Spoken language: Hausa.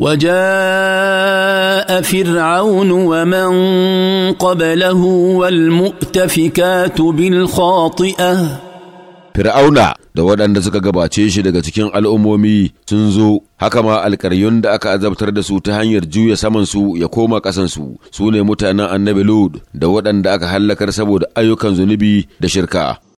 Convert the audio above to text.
وجاء فرعون ومن قبله والمؤتفكات بالخاطئة Fir'auna da waɗanda suka gabace shi daga cikin al'ummomi sun zo, haka ma alƙaryun da aka azabtar da su ta hanyar juya samansu ya koma ƙasansu, su ne mutanen annabi Lod da waɗanda aka hallakar saboda ayyukan zunubi da shirka.